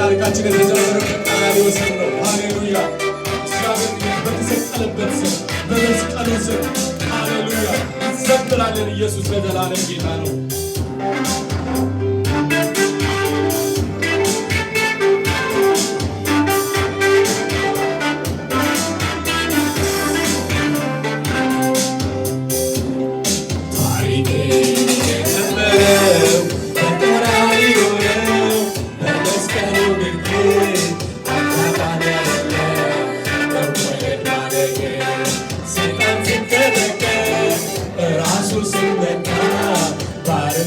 ታሪካችንን የጀመረው ቀዳሚው ስም ነው። ሃሌሉያ! እግዚአብሔር በተሰቀለበት ስም በመስቀሉ ስም ሃሌሉያ! እንዘምራለን። ኢየሱስ በዘላለም ጌታ ነው።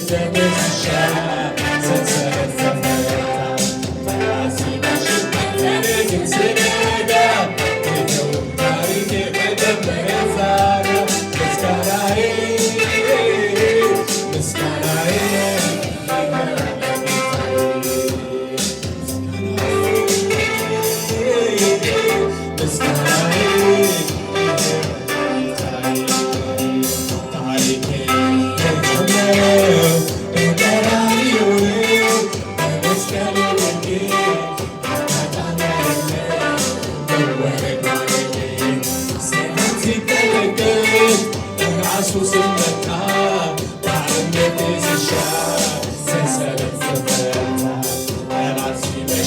singing.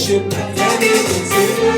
should pretend it was you.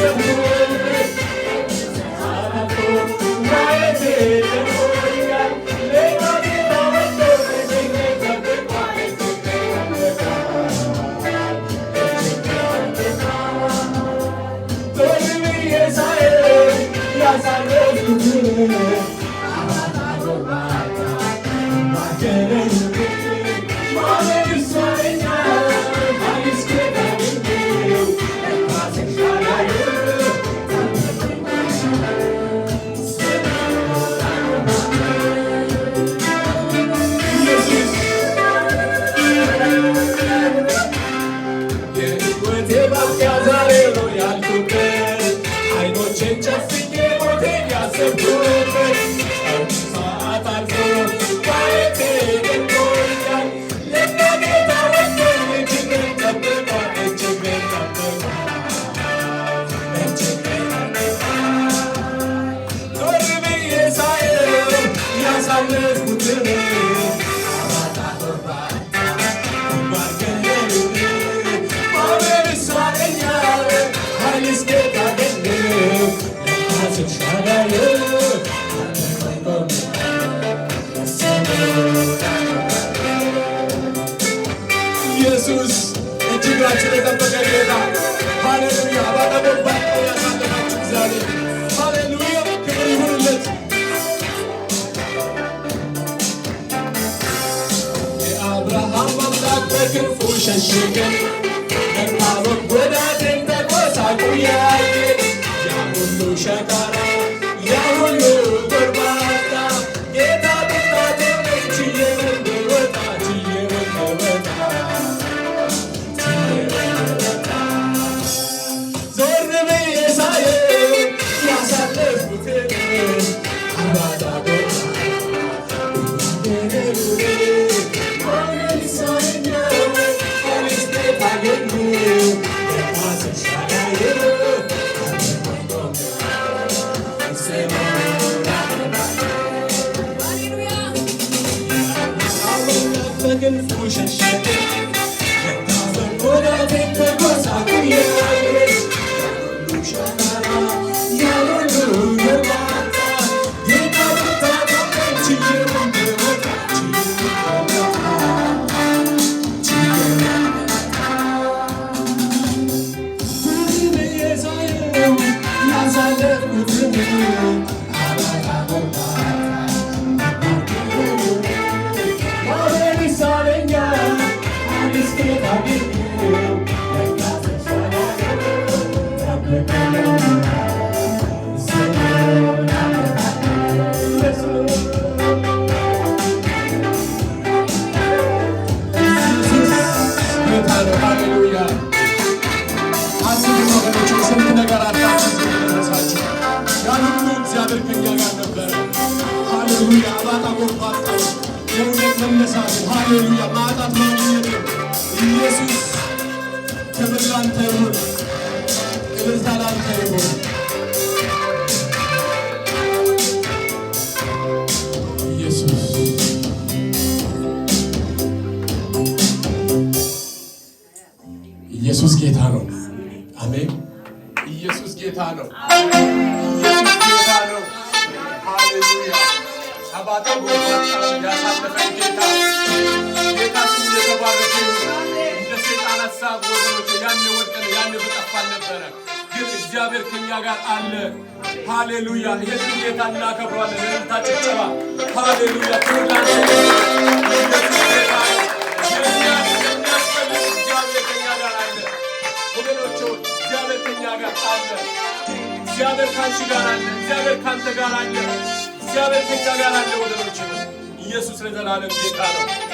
Thank you. 全是界。Thank you. ላንተ ይሁን። ክብር ላንተ ይሁን። እናከብሯለን። የእልልታ ጭብጨባ። ሃሌሉያ እግዚአብሔር ከአንቺ ጋር አለ። እግዚአብሔር ከአንተ ጋር አለ። እግዚአብሔር ከእኛ ጋር አለ። ወገኖች ኢየሱስ ለዘላለም ጌታ ነው።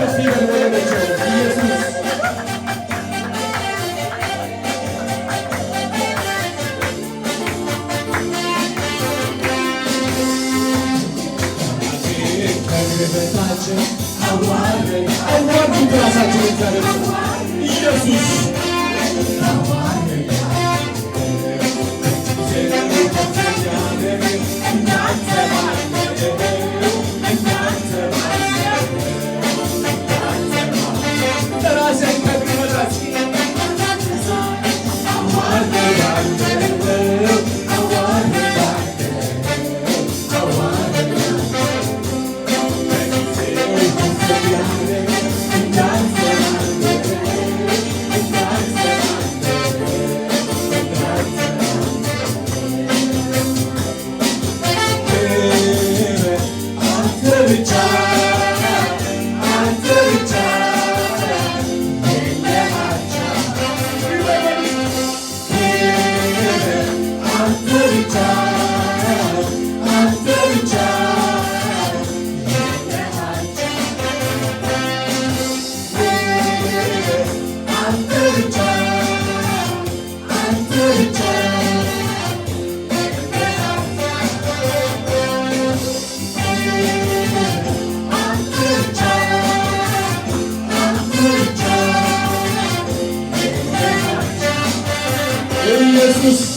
Gracias.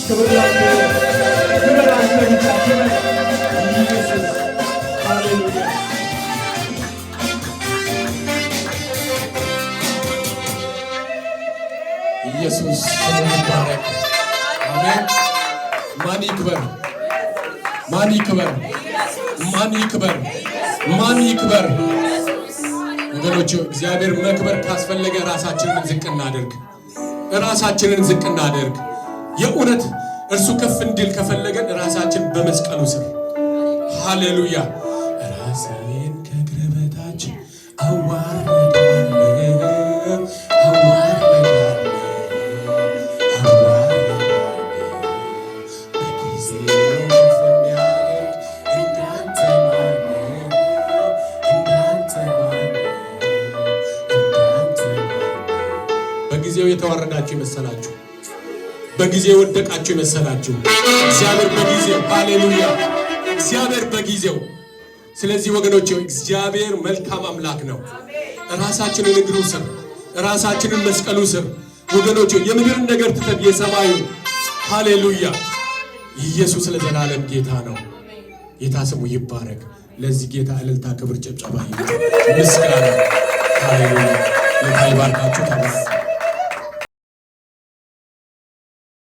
ኢየሱስ ይባረክ። አሜን። ማን ይክበር? ማን ይክበር? ማን ይክበር? ማን ይክበር? ወገኖች እግዚአብሔር መክበር ካስፈለገ ራሳችንን ዝቅ እናደርግ፣ ራሳችንን ዝቅ እናደርግ። የእውነት እርሱ ከፍ እንዲል ከፈለገን ራሳችን በመስቀሉ ስር ሃሌሉያ በጊዜ ወደቃችሁ የመሰላችሁ እግዚአብሔር በጊዜው ሃሌሉያ፣ እግዚአብሔር በጊዜው። ስለዚህ ወገኖች እግዚአብሔር መልካም አምላክ ነው። ራሳችንን እግሩ ስር ራሳችንን መስቀሉ ስር ወገኖች የምድርን ነገር ትተብ የሰማዩ ሃሌሉያ። ኢየሱስ ለዘላለም ጌታ ነው። ጌታ ስሙ ይባረክ። ለዚህ ጌታ እልልታ፣ ክብር፣ ጭብጨባ ምስጋና ሃሌሉያ። ይባርካችሁ። ተመስ